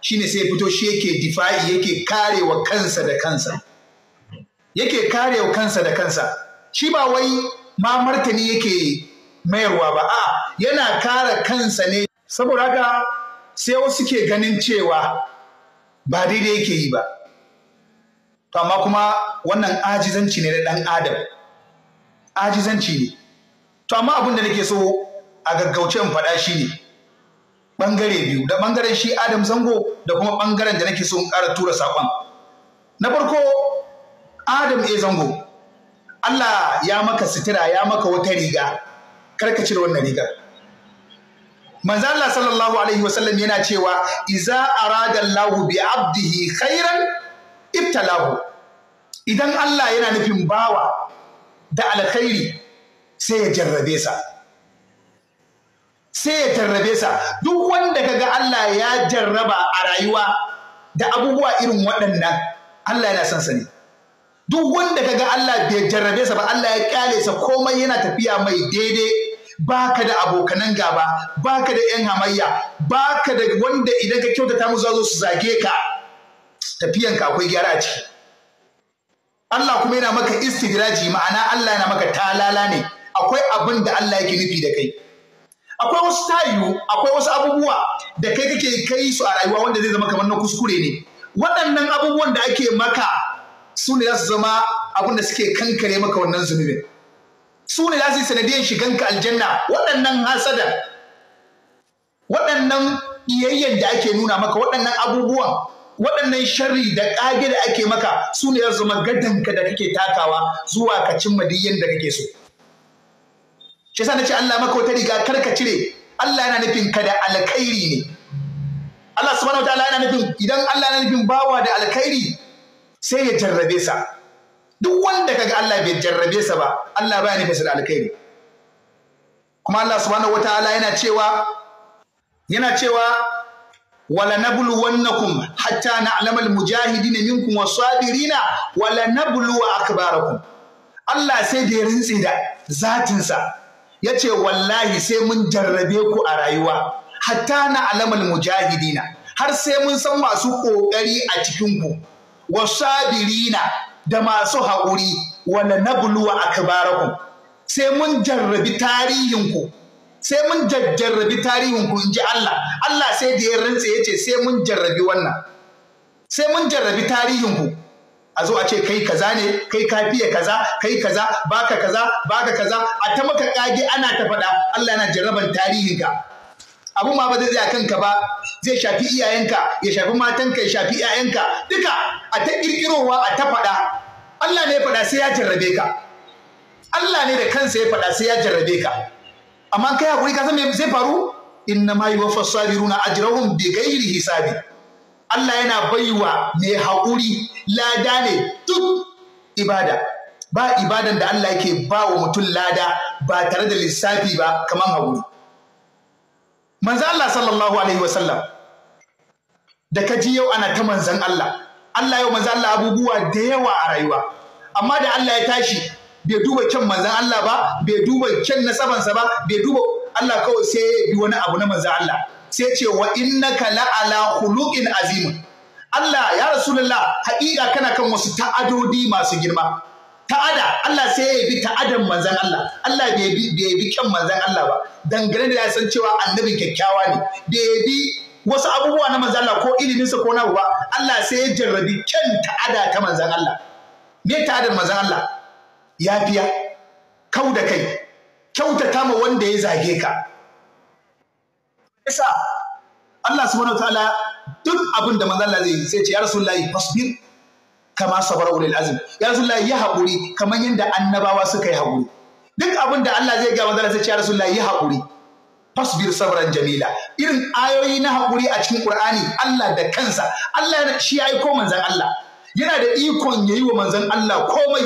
shine sai fito shi yake difa'i yake karewa kansa da kansa yake karewa kansa da kansa shi ba wai ma martani yake mayarwa ba a yana kare kansa ne saboda haka sai wasu ke ganin cewa ba daidai yake yi ba to amma kuma wannan ajizanci ne da ɗan adam ajizanci ne to amma abin da nake so a gaggauce faɗa shi ne ɓangare biyu da ɓangaren shi Adam Zango da kuma ɓangaren da nake so in ƙara tura saƙon. Na farko Adam A Zango Allah ya maka sitira ya maka wata riga karka cire wannan riga Manzo Allah sallallahu alaihi wasallam yana cewa iza arada Allahu bi abdihi khairan ibtalahu idan Allah yana nufin bawa da alkhairi sai ya jarrabe sa. sai ya jarrabe sa duk wanda kaga Allah ya jarraba a rayuwa da abubuwa irin waɗannan Allah yana son sa ne duk wanda kaga Allah bai jarrabe sa ba Allah ya kyale sa komai yana tafiya mai daidai baka da abokanan gaba baka da yan hamayya baka da wanda idan ka kyautata musu zo su zage ka tafiyan ka akwai gyara a ciki Allah kuma yana maka istidraji ma'ana Allah yana maka talala ne akwai abin da Allah yake nufi da kai akwai wasu tayu akwai wasu abubuwa da kai kake kai su a rayuwa wanda zai zama kamar na kuskure ne waɗannan abubuwan da ake maka su ne za su zama abin da suke kankare maka wannan zunubin su ne za su yi sanadiyar shiganka aljanna waɗannan hasada waɗannan iyayyen da ake nuna maka waɗannan abubuwan waɗannan sharri da ƙage da ake maka su ne su zama gadanka da kake takawa zuwa ka cimma diyyan da kake so shi na ce Allah maka wata riga kar ka cire Allah yana nufin ka da alkhairi ne Allah subhanahu wataala yana nufin idan Allah yana nufin bawa da alkhairi sai ya jarrabe sa duk wanda kaga Allah bai jarrabe sa ba Allah baya nufin sa da alkhairi kuma Allah subhanahu wataala yana cewa yana cewa wala nabluwannakum hatta na'lamal mujahidina minkum was-sabirina wala nabluwa akbarakum Allah sai da ya rintse da zatinsa ya ce wallahi sai mun jarrabe ku a rayuwa hatta na alamal mujahidina har sai mun san masu ƙoƙari a cikin cikinku sabirina da masu haƙuri wala nabluwa akbarakum sai mun jarrabi ku sai mun jarrabi tarihinku in ji Allah Allah sai da ya rantse yace ce sai mun jarrabi wannan sai mun jarrabi tarihinku a zo a ce kai kaza ne kai ka fiye kaza kai kaza baka kaza baka kaza a ta maka kage ana ta faɗa Allah yana jarraban tarihinka abu ma ba zai zai kanka ba zai shafi iyayenka ya shafi matanka ya shafi iyayenka duka a ta kirkirowa a ta faɗa Allah ne ya faɗa sai ya jarrabe ka Allah ne da kansa ya faɗa sai ya jarrabe ka amma kai hakuri ka san me zai faru inna ma yuwaffas sabiruna ajrahum bighairi hisabi Allah yana baiwa mai haƙuri lada ne duk ibada ba ibadan da Allah yake ba wa mutum lada ba tare da lissafi ba kamar haƙuri manzo Allah sallallahu alaihi wasallam da ka ji yau ana ta manzan Allah Allah yau manzan Allah abubuwa da yawa a rayuwa amma da Allah ya tashi bai duba kyan manzan Allah ba bai duba kyan nasabansa ba bai duba Allah kawai sai ya bi wani abu na manzan Allah sai ce wa innaka la'ala khuluqin azim Allah ya rasulullah haƙiƙa kana kan wasu ta'adodi masu girma ta'ada Allah sai ya bi ta'adan manzan Allah Allah bai bi bi kyan manzan Allah ba dangane da ya san cewa annabin kyakkyawa ne bai bi wasu abubuwa na manzan Allah ko iliminsa ko na ba Allah sai ya jarrabi kyan ta'ada ta manzan Allah me ta'adar manzan Allah yafiya kau da kai kyautata ma wanda ya zage ka yasa Allah subhanahu ta'ala duk abin da manzo Allah zai yi sai ce ya rasulullahi fasbir kama sabara ulul azm ya rasulullahi ya haƙuri kamar yadda annabawa suka yi haƙuri duk abin da Allah zai ga manzo Allah sai ce ya rasulullahi ya haƙuri fasbir sabran jamila irin ayoyi na haƙuri a cikin Qur'ani Allah da kansa Allah shi ya yi ko manzon Allah yana da ikon ya yi wa manzon Allah komai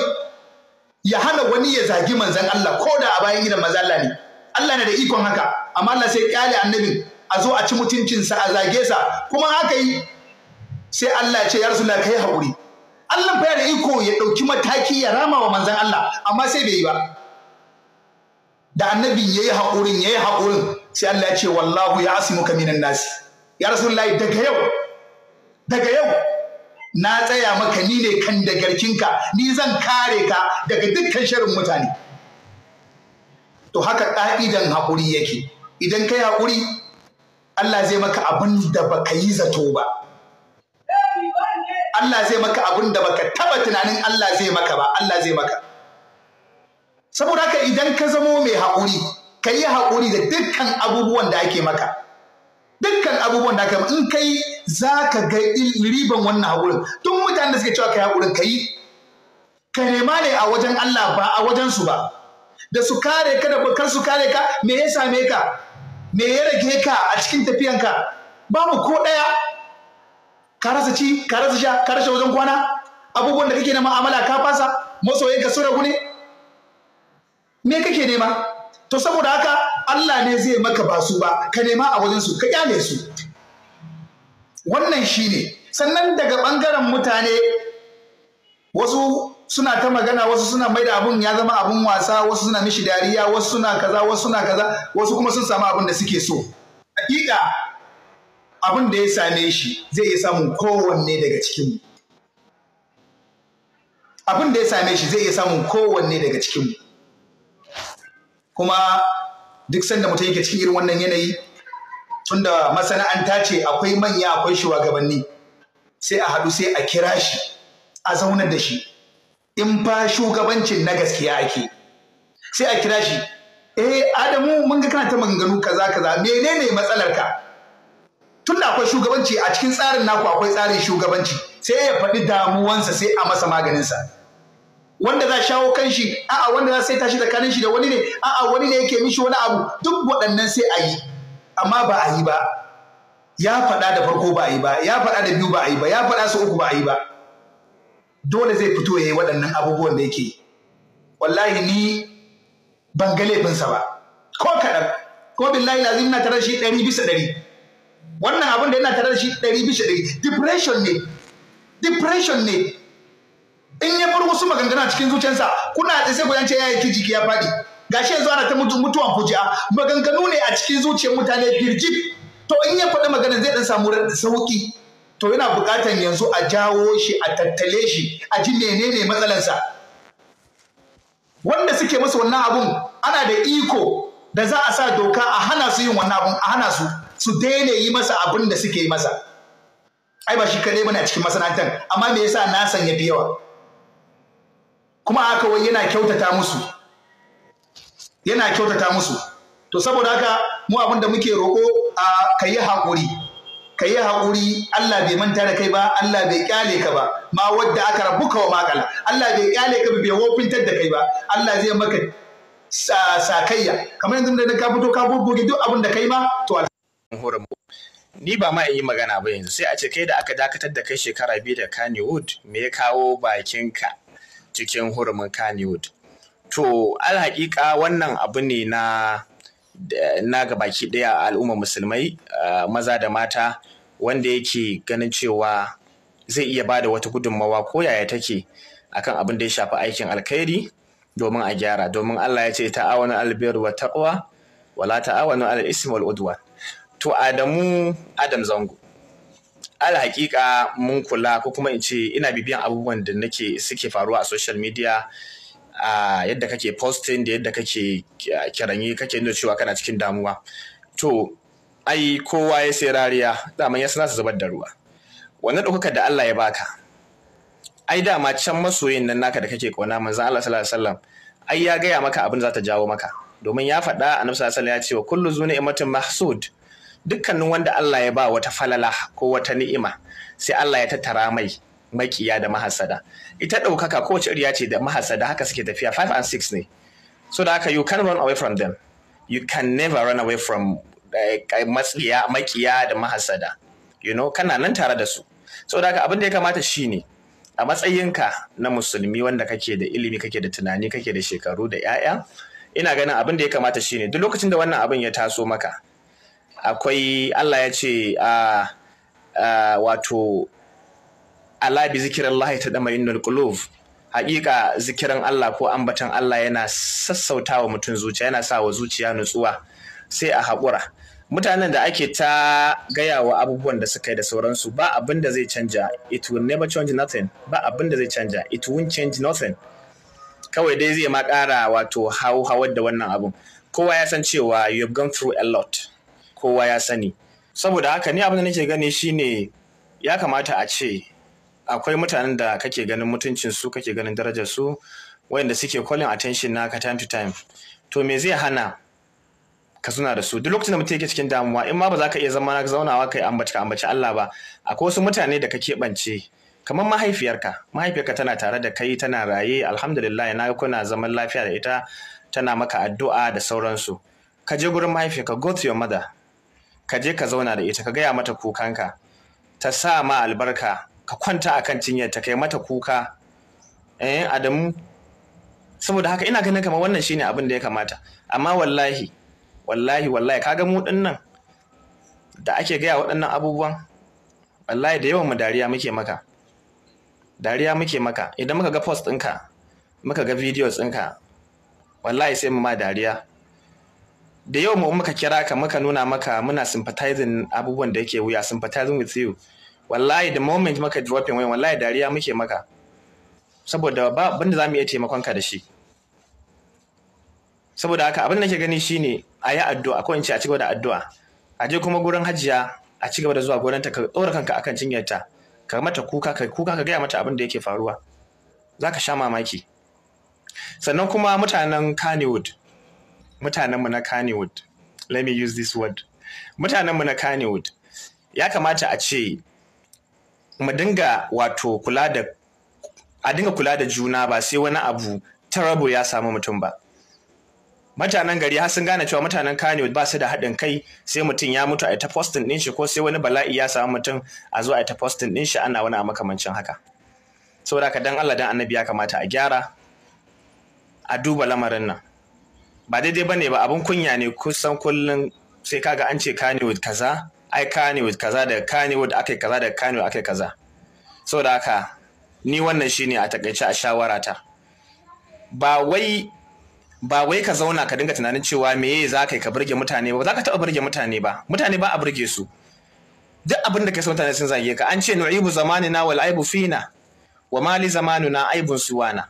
ya hana wani ya zagi manzan Allah ko da a bayan gidan manzon Allah ne Allah na da ikon haka amma Allah sai ƙyale annabin a zo a ci mutuncinsa a zage sa kuma haka yi sai Allah ya ce ya rasula kai haƙuri Allah fa da iko ya ɗauki mataki ya rama wa manzon Allah amma sai bai yi ba da annabi yayi haƙurin yayi haƙurin sai Allah ya ce wallahu ya asimuka minan nasi ya rasulullahi daga yau daga yau na tsaya maka ni ne kan da ka ni zan kare ka daga dukkan shirin mutane to haka ka'idan haƙuri yake idan kai haƙuri Allah zai maka abin da baka yi zato ba Allah zai maka abin da baka taba tunanin Allah zai maka ba Allah zai maka saboda haka idan ka zamo mai haƙuri ka yi haƙuri da dukkan abubuwan da ake maka dukkan abubuwan da aka yi in kai za ka ga riban wannan haƙurin tun mutane da suke cewa ka yi haƙurin ka yi ka nema ne a wajen Allah ba a wajen su ba da su kare ka da kar su kare ka me yasa me ka me ya rage ka a cikin tafiyanka babu ko ɗaya ka rasa ci ka rasa sha ka rasa wajen kwana abubuwan da kake na ma'amala ka fasa masoyanka su ragu ne me kake nema to saboda haka Allah ne zai maka ba su ba ka nema a wajen su ka kyale su wannan shine sannan daga ɓangaren mutane wasu suna ta magana wasu suna mai da abun ya zama abun wasa wasu suna mishi dariya wasu suna kaza wasu suna kaza wasu kuma sun samu abin da suke so hakika abin da ya same shi zai iya samun kowanne daga cikinmu abin da ya same shi zai iya samun kowanne daga cikinmu kuma duk sanda mutum yake cikin irin wannan yanayi tunda masana'anta ce akwai manya akwai shugabanni sai a haɗu sai a kira shi a zauna da shi in fa shugabancin na gaskiya ake sai a kira shi eh Adamu mun ga kana ta maganganu kaza kaza menene matsalar ka tun da akwai shugabanci a cikin tsarin naku akwai tsarin shugabanci sai ya faɗi damuwansa sai a masa maganinsa wanda za shawo kan shi a'a wanda za sai tashi tsakanin shi da wani ne a'a wani ne yake mishi wani abu duk waɗannan sai a yi amma ba a yi ba ya faɗa da farko ba a yi ba ya faɗa da biyu ba a yi ba ya faɗa su uku ba a yi ba dole zai fito ya yi waɗannan abubuwan da yake wallahi ni ban ga laifinsa ba ko kaɗan ko billahi lazim na tare da shi ɗari bisa ɗari wannan abin da yana tare da shi ɗari bisa ɗari depression ne depression ne in ya bar wasu maganganu cikin zuciyarsa kuna da sai ku yance yayi kiji ya faɗi gashi yanzu ana ta mutu mutuwan fuji'a maganganu ne a cikin zuciyar mutane birjib to in ya faɗi magana zai dan samu sauki to yana buƙatar yanzu a jawo shi a tattale shi a ji menene matsalarsa wanda suke musu wannan abun ana da iko da za a sa doka a hana su yin wannan abun a hana su su daina yi masa abun da suke yi masa ai ba shi kadai muna cikin masana'antar amma me yasa na sanya da yawa kuma haka wai yana kyautata musu yana kyautata musu to saboda haka mu abin da muke roƙo a kayi haƙuri ka yi haƙuri Allah bai manta da kai ba Allah bai kyale ka ba ma wadda aka rabu wa makala Allah bai kyale ka bai wofintar da kai ba Allah zai maka sakayya kamar yanzu da ka fito ka bubbuge duk abin da kai ma to ni ba ma in yi magana ba yanzu sai a ce kai da aka dakatar da kai shekara biyu da Kannywood me ya kawo bakinka cikin hurumin Kannywood to alhaƙiƙa wannan abu ne na na ga gabaki daya al'ummar musulmai maza da mata wanda yake ganin cewa zai iya bada wata gudunmawa ko yaya take akan abin da ya shafi aikin alkhairi domin a gyara domin Allah ya ce ta'awanu albir wa taqwa wala ta'awanu al ismi wal udwa to Adamu Adam Zango al hakika mun kula ko kuma in ce ina bibiyan abubuwan da nake suke faruwa a social media a yadda kake posting da yadda kake kiranye kake nuna cewa kana cikin damuwa to ai kowa ya sai rariya daman ya sana su zubar da ruwa wannan ɗaukakar da Allah ya baka ai dama can masoyin nan naka da kake kona manzo Allah sallallahu alaihi wasallam ai ya gaya maka abin za ta jawo maka domin ya faɗa annabi sallallahu alaihi ya ce wa kullu zuni imatin mahsud dukkanin wanda Allah ya ba wata falala ko wata ni'ima sai Allah ya tattara mai makiya da mahasada ita ɗaukaka kowace iriya ce da mahasada haka suke tafiya 5 and 6 ne so da haka you can run away from them you can never run away from eh, matsiya makiya da mahasada you know kana nan tare da su so da haka abin da ya kamata shine a matsayinka na musulmi wanda kake da ilimi kake da tunani kake da shekaru da 'ya'ya ina ganin abin da ya kamata shine duk lokacin da wannan abin ya taso maka akwai Allah ya ce a ah, ah, wato Allah bi da tadma'innul qulub hakika zikiran Allah ko ambatan Allah yana sassauta wa mutum zuciya yana sa wa zuciya nutsuwa sai a haƙura mutanen da ake ta gayawa abubuwan da suka yi da sauransu ba abin da zai canja it will never change nothing ba abin da zai canja it won't change nothing kawai dai zai ma ƙara wato hau hawar da wannan abun kowa ya san cewa you have gone through a lot kowa ya sani saboda haka ni abin da nake gani shine ya kamata a ce akwai mutanen da kake ganin mutuncin su kake ganin darajar su wayanda suke calling attention naka time to time to me zai hana ka suna da su duk lokacin da mutum yake cikin damuwa in ma ba za ka iya zama zaunawa kai ambaci ka ambaci Allah ba akwai wasu mutane da ka keɓance kamar mahaifiyarka mahaifiyarka tana tare da kai tana raye alhamdulillah na kuna zaman lafiya da ita tana maka addu'a da sauransu ka je gurin mahaifiyarka go to your mother ka je ka zauna da ita ka gaya mata kukanka ta sa ma albarka ka kwanta a kan cinyarta kai mata kuka eh Adamu saboda haka ina ganin kamar wannan shine abin da ya kamata amma wallahi wallahi wallahi kaga mu dinnan da ake gaya waɗannan abubuwan wallahi da yawan mu dariya muke maka dariya muke maka idan muka ga post ɗinka muka ga videos ɗinka wallahi sai mu ma dariya da yau mu muka kira ka muka nuna maka muna sympathizing abubuwan da yake wuya sympathizing with you wallahi da moment maka dropping wayan wallahi dariya muke maka saboda ba abin da zamu iya taimakon ka da shi saboda haka abin da nake gani shine a yi addu'a ko in ce a cigaba da addu'a a je kuma gurin hajiya a cigaba da zuwa gurin ta ka ɗora kanka akan cinyarta ka mata kuka ka kuka ka gaya mata abin da yake faruwa zaka sha mamaki sannan kuma mutanen Kannywood mutanenmu na Kannywood let me use this word mutanenmu na Kannywood ya kamata a ce dinga wato a dinga kula da juna ba sai wani abu tarabo ya samu mutum ba mutanen gari har sun gane cewa mutanen Kano ba su da haɗin kai sai mutum ya mutu a ta postin ɗin shi ko sai wani bala'i ya samu mutum a zo a ta postin ɗin shi ana wani a makamancin haka saboda ka dan Allah dan annabi ya kamata a gyara a duba lamarin nan ba daidai bane ba abin kunya ne kusan kullum sai kaga an ce Kano kaza ai Kannywood kaza da Kannywood akai kaza da Kannywood akai kaza saboda haka ni wannan shine a takaice a shawara ta ba wai ba wai ka zauna ka dinga tunanin cewa meye za ka yi ka burge mutane ba za ka taɓa burge mutane ba mutane ba a burge su duk abin da ka san mutane sun zage ka an ce nu'ibu zamanina wal aibu fina wa mali zamanuna aibun suwana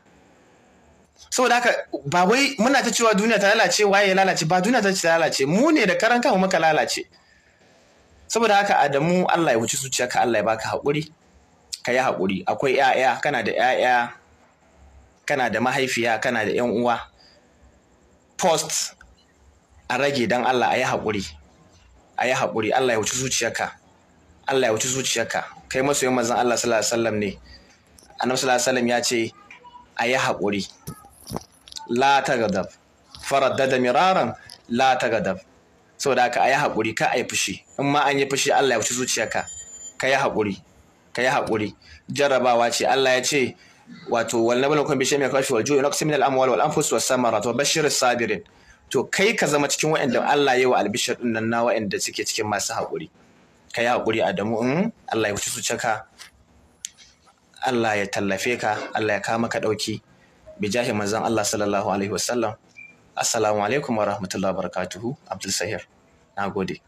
saboda haka ba wai muna ta cewa duniya ta lalace waye ya lalace ba duniya ta lalace mu ne da karan kanmu muka lalace saboda haka Adamu Allah ya wuce zuciyarka Allah ya baka haƙuri ka yi haƙuri akwai 'ya'ya kana da 'ya'ya kana da mahaifiya kana da 'yan uwa post a rage don Allah a yi haƙuri a yi haƙuri Allah ya wuce zuciyarka Allah ya wuce zuciyarka kai masoyin mazan Allah sallallahu alaihi wasallam ne annabi sallallahu alaihi wasallam ya ce a yi haƙuri la tagadab faraddada miraran la tagadab saboda haka ayi haƙuri ka ayi fushi in ma an yi fushi Allah ya wuce zuciyarka ka yi haƙuri ka yi haƙuri jarrabawa ce Allah ya ce wato wal kun bi shay'in shi wal ju'i naqsim min al amwal wal anfus was samarat wa bashir sabirin to kai ka zama cikin wa'anda Allah ya yi wa albishir din nan na wa'anda suke cikin masu haƙuri ka yi haƙuri Adamu in hmm? Allah ya wuce zuciyarka Allah ya tallafe ka Allah ya kama ka ɗauki bijahi manzon Allah sallallahu alaihi wasallam assalamu alaikum wa rahmatullahi wa barakatuhu abdul sahir Na gode.